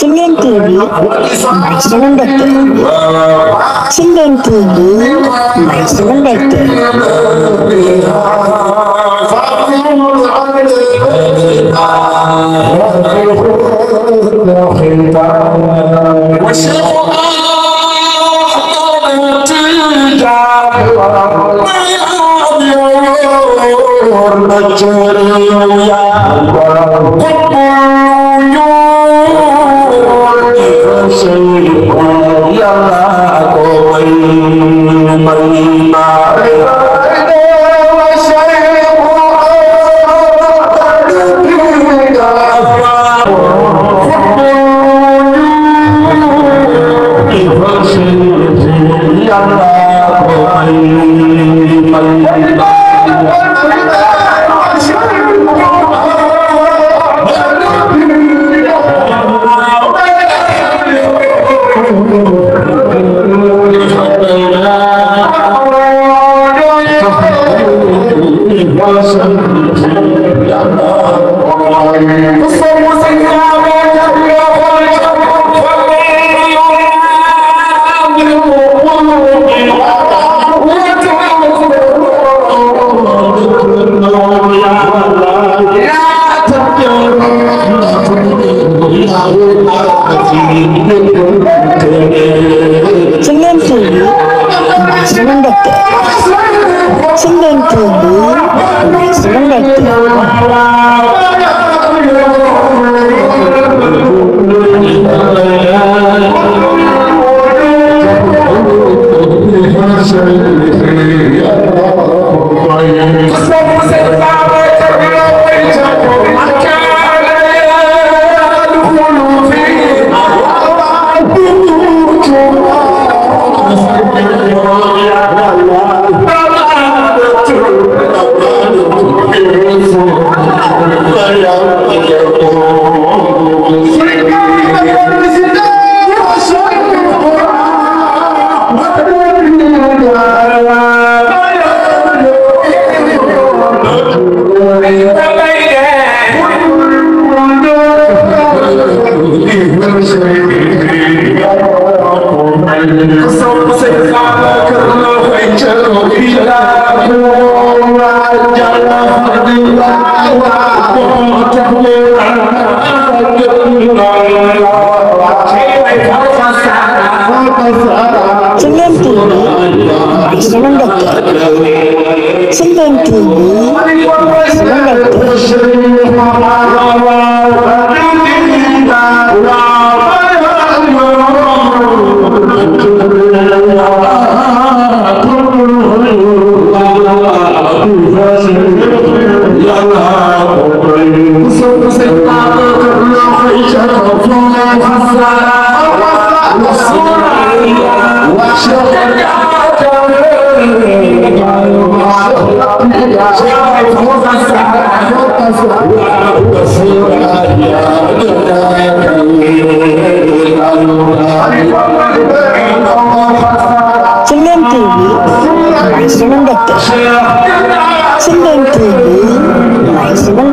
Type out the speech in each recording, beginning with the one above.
Cingan TV mai cinnamon dette Cingan TV mai cinnamon dette وشيخ آه تجاه न बचायोसिया कोई मल Sendang TV My Sendang TV My Sendang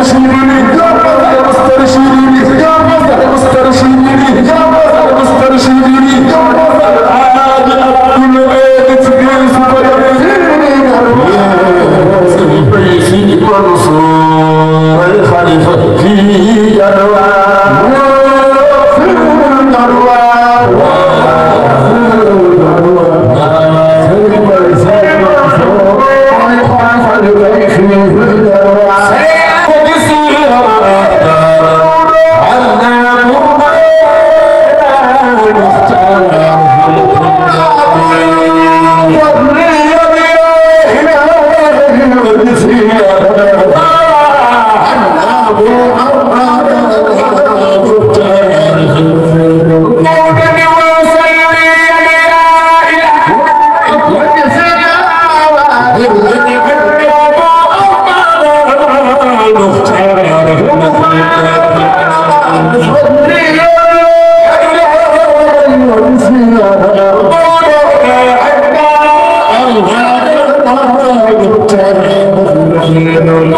Rasulullah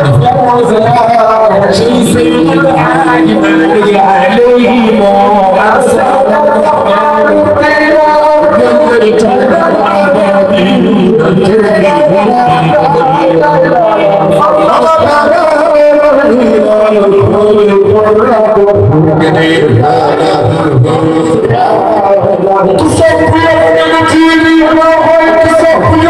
Tudo you, I'm tive, eu não vou, tu sofreu.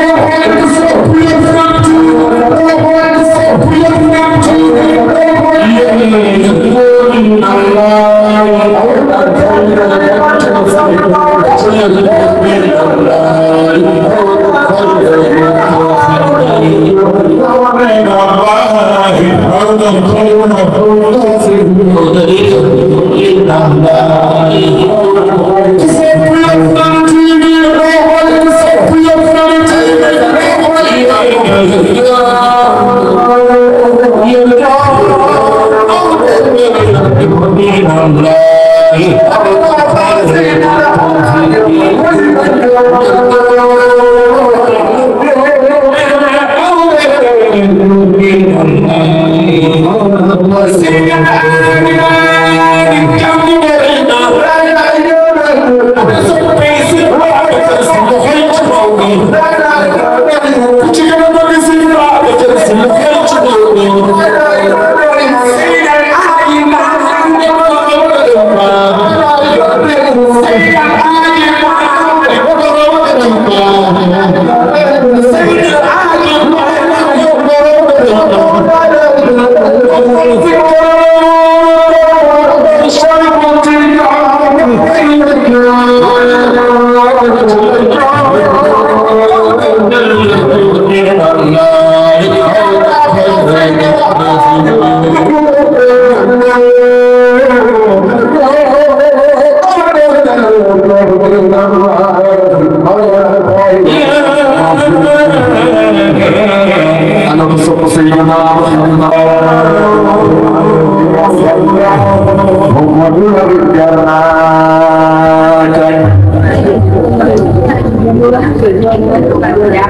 alhamdulillah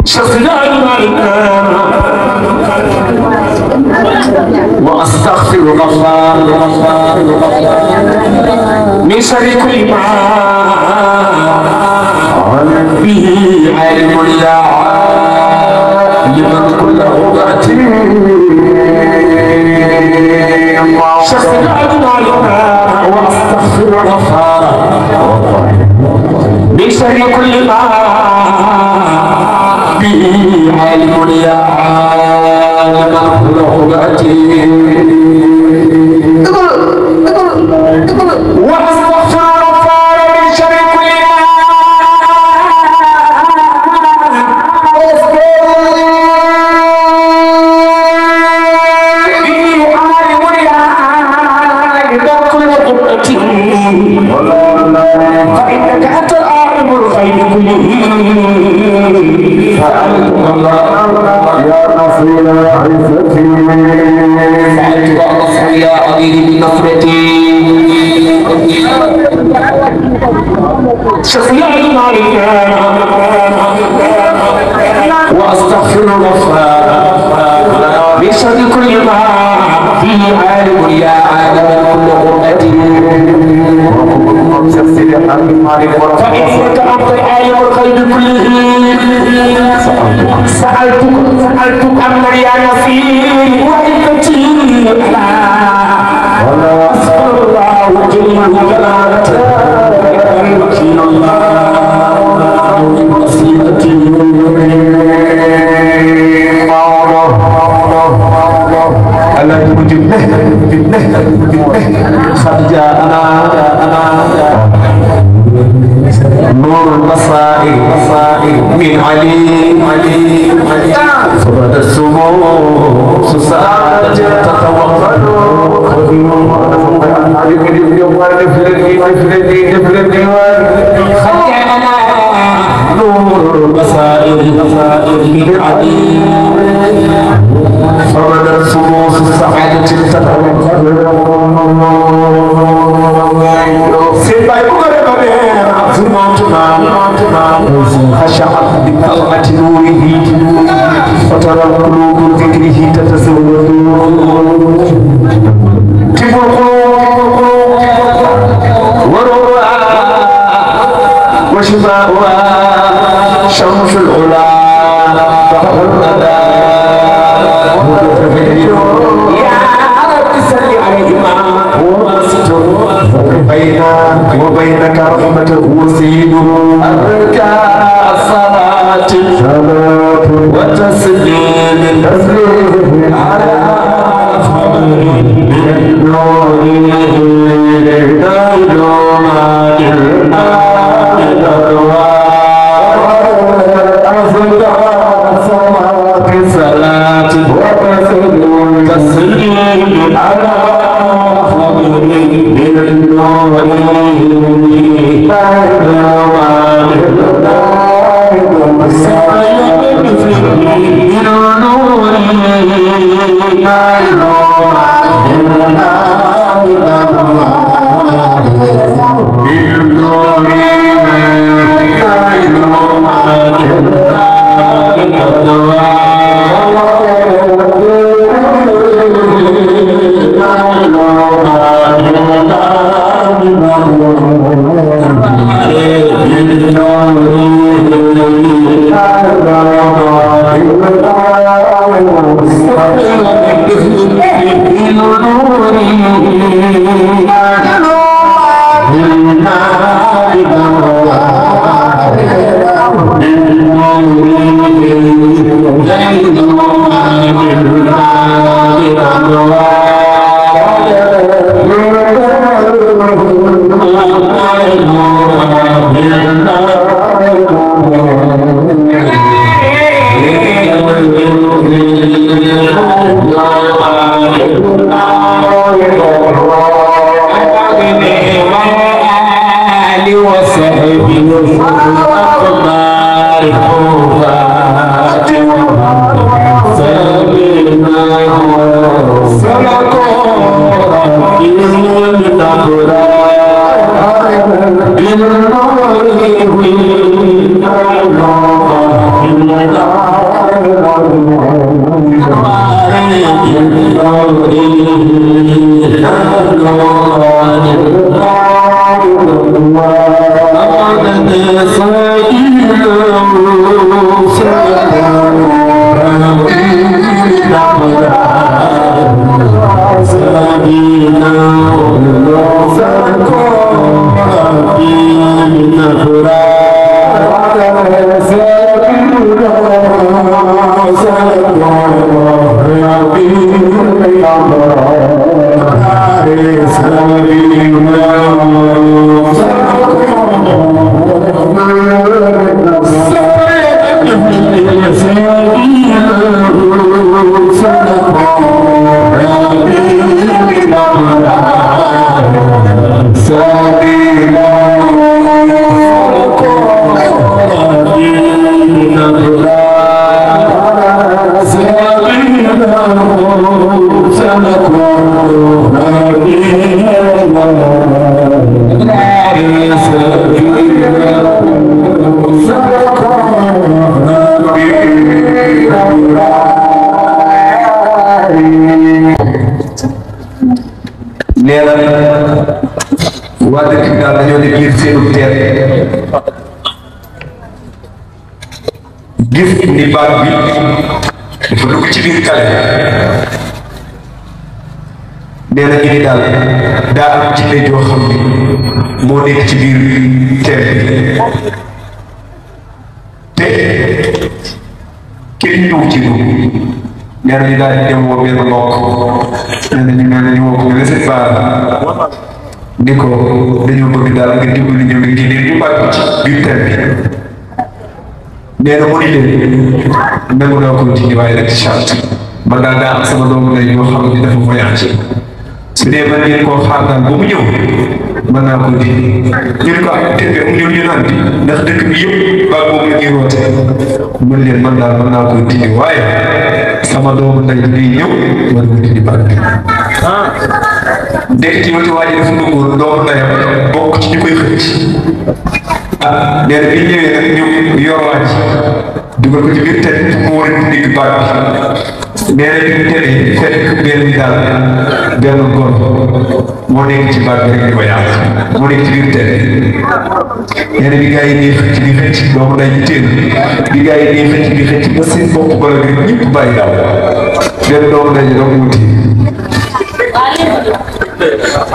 شفنا وأستغفر الله من شر كل ما به علم لا لمن كل غدة شفنا الآن وأستغفر الله بشر كل ما به عالم يا عالم الرهبتي واستغفر الله من كل ما به عالم يا عالم سألت الله يا نصير عزتي سألت الله يا عظيم نصرتي شفيع المعرفة وأستغفر الغفار بشر كل ما فيه عالم يا عالم كل أمتي فإنك أنت سألتك سألتك عن مريم في وعدتي ولا أسأل الله جل جلاله أن يكون الله بصيرتي ألا تجد به تجد به قد جاءنا عليم عليم عليم فرد السموم سساعة تتوقل فرد السموس السعادة تتوقل سيبقى يقرب بها في موتنا خشعت بطلعة نوره فترى القلوب بذكره تتزود وروى وشفاؤها شمس العلا فهو الندى يا رب صل على الإمام وما ستر بين وبينك رحمته وسيد أبكى الصلاة صلاة وتسليم تسليم على من النور waa ini bi daal bi ci lay moo nekk ci biir teen bi te kenn ñëw ci lu ñaar daal di dem woo benn mbokk nee na ñu nee na ñu woo ko Sëñ ni ko dañoo bëgg daal nga dimbali ñu ngi génne ñu bàyyi ci biir teen bi nee na mu ni leen nangu ko ci waaye rek charte man daal daa am sama doomu lay ñoo xam ne dafa voyagé su dee man ngeen koo xaar daal ba mu ñëw mën naa ko ji ñu ne ko ah déedéet mu di ndax dëkk bi yëpp baal boobu la ñuy woote mën man daal mën naa ko dindi waaye sama doomu ndey bi ñëw war nga dindi baal bi ah dégg ci koy xëcc ah nee bi ñëwee nag ñoom yor waa ji dugal ko ci biir tête mu war a dindi baal nee na bi mu fekk benn daal benn góor moo nekk ci baat bi rek di ko yàq moo nekk ci biir télé nee na bi gars yi dee xëcc di xëcc doomu ndey ji téen benn doomu ndey ji doog wuti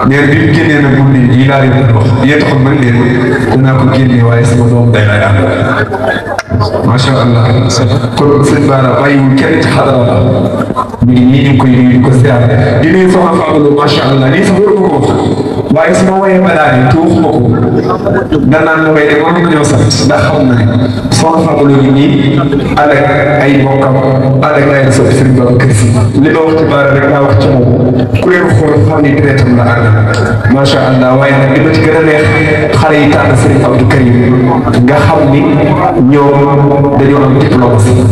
nee na bi mu génnee nag moom nii lii laa leen wax yéen taxul man leen dinaa ko waaye sama doom day lay ànd macha allah kon sëñ Bara bàyyiwul kenn ci xadara la ñu ngi nii ñu ngi ko siyaare di nuyu sama fàmmaloo macha allah lii sax waru ma ko wax waaye su ma woyee balaa yi tuuxuma ko danaan la may de moom it ñoo sant ndax xam na ne soo xamul nit ñi ànd ak ay bokkam ànd ak ay sot sëriñ Babacar Sy li ma wax ci baara rek laa wax ci moom kuréelu xool xam ni deretam la ànd macha allah waaye nag li ma ci gën a neex xale yi tànn sëriñ Abdou Karim nga xam ni ñoom dañoo am diplomatie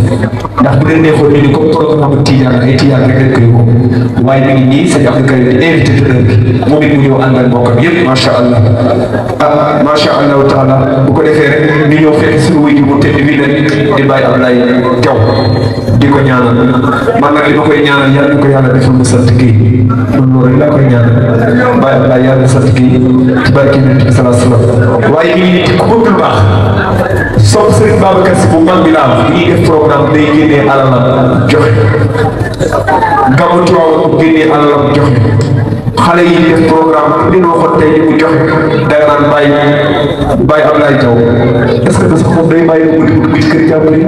ndax bu dee neexoon ñu ni comme programme Tijaan ay Tijaan rek lañ koy woo waaye mi ngi nii sëriñ Abdou Karim di invité d'honneur bi moom it mu ñëw ànd ak bokkam yëpp macha allah macha allahu taala bu ko defee rek ñu ñëw fekk suñu wuy ji mu tëdd bi leen di bàyyi Ablaye Thiaw di ko ñaanal man nag li ma koy ñaanal yàlla na ko yàlla defal mu sant kii man loolu rek laa koy ñaanal bàyyi Ablaye yàlla sant kii ci barke bi salaa salaam waaye ñu ngi ku bëgg lu baax sopp Serigne Babacar Sy bu mag bi laa am ñuy def programme day génnee alalam joxe gàmmu Tiwaawan génnee xale yi def programme li ñu waxoon tey li mu joxe da nga naan bàyyi bàyyi Ablaye Diaw day bàyyi mu dugg dugg ci kër jàmbur yi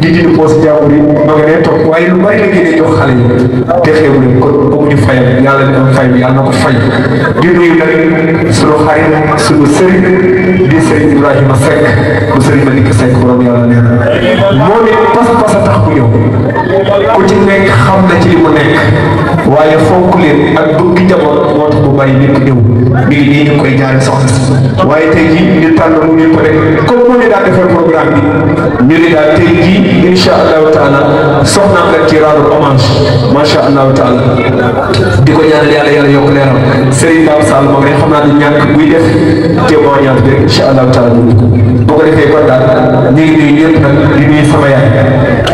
di dindi poos yi ma jox xale yi fay bi yàlla na ko fay di nuyu nag sunu xarit sunu sëriñ di sëriñ bu sëriñ Malick Seck borom yàlla pas pas a tax ku ñëw ku ci nekk xam na ci li mu nekk waaye fonk leen ak bëgg njaboot moo tax bu bàyyi lépp ñëw mi ngi nii ñu koy jaare soxna si waaye tey jii ñu tànn mu ñu ko rek comme mu ne daal defar programme bi ñu ne daal tey jii incha allahu taala soxnaam la ci raaru hommage macha allahu taala di ko ñaanal yàlla yàlla yokk leeram Serigne Dame Sall moom rek xam naa ne ñàkk buy def témoignage bi incha allahu taala boo ko defee kon daal ñu ngi nuyu nag di nuyu sama yaay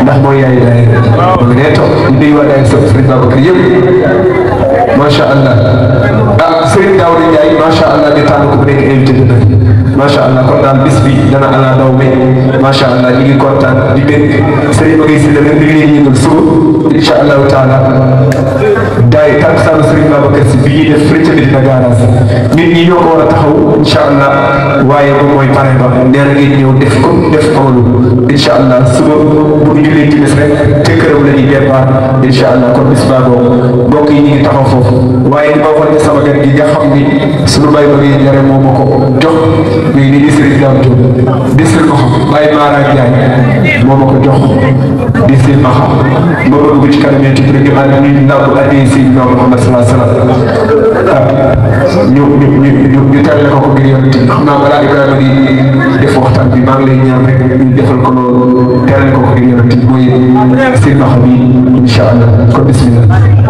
ndax mooy yaay daay mu ngi nee toog di nuyu waa daay sa Serigne macha allah ah Serigne Daouda Ndiaye macha allah ñu tànn ko bu nekk invité bi dana ala daw me macha allah ñu ngi di béy Serigne Maguette si la même bi ñu ngi leen taala. waaye takkusaanu Serigne Babacar Sy bi ñuy def fële ca Medina Garaas nit ñi ñoo ko war a taxaw incha allah waaye moom mooy pare ba nee na ngeen ñëw def ko def loolu incha allah suba bu ñu jullee timis rek te këram la ñuy départ incha allah kon bis baa boobu mbokk yi ñu ngi taxaw waaye boo ko defee sama gan gi nga xam ni suñu moo ma ko jox muy ministre yi daaw jóg district ma xam Baye Mara Ndiaye moo ma ko jox district ma xam ma bëgg ci kanam ci président maanaam ñu ndaw bu adhéré si ñoom Muhammad salaa salaam ah, ñu ñu ñu ñu ñu tàlle ko ko ngir yonent bi xam naa balaa di def waxtaan bi maa ngi lay ñaan rek ñu defal ko loolu tàlle ko ko ngir yonent bi mooy allah kon bismillah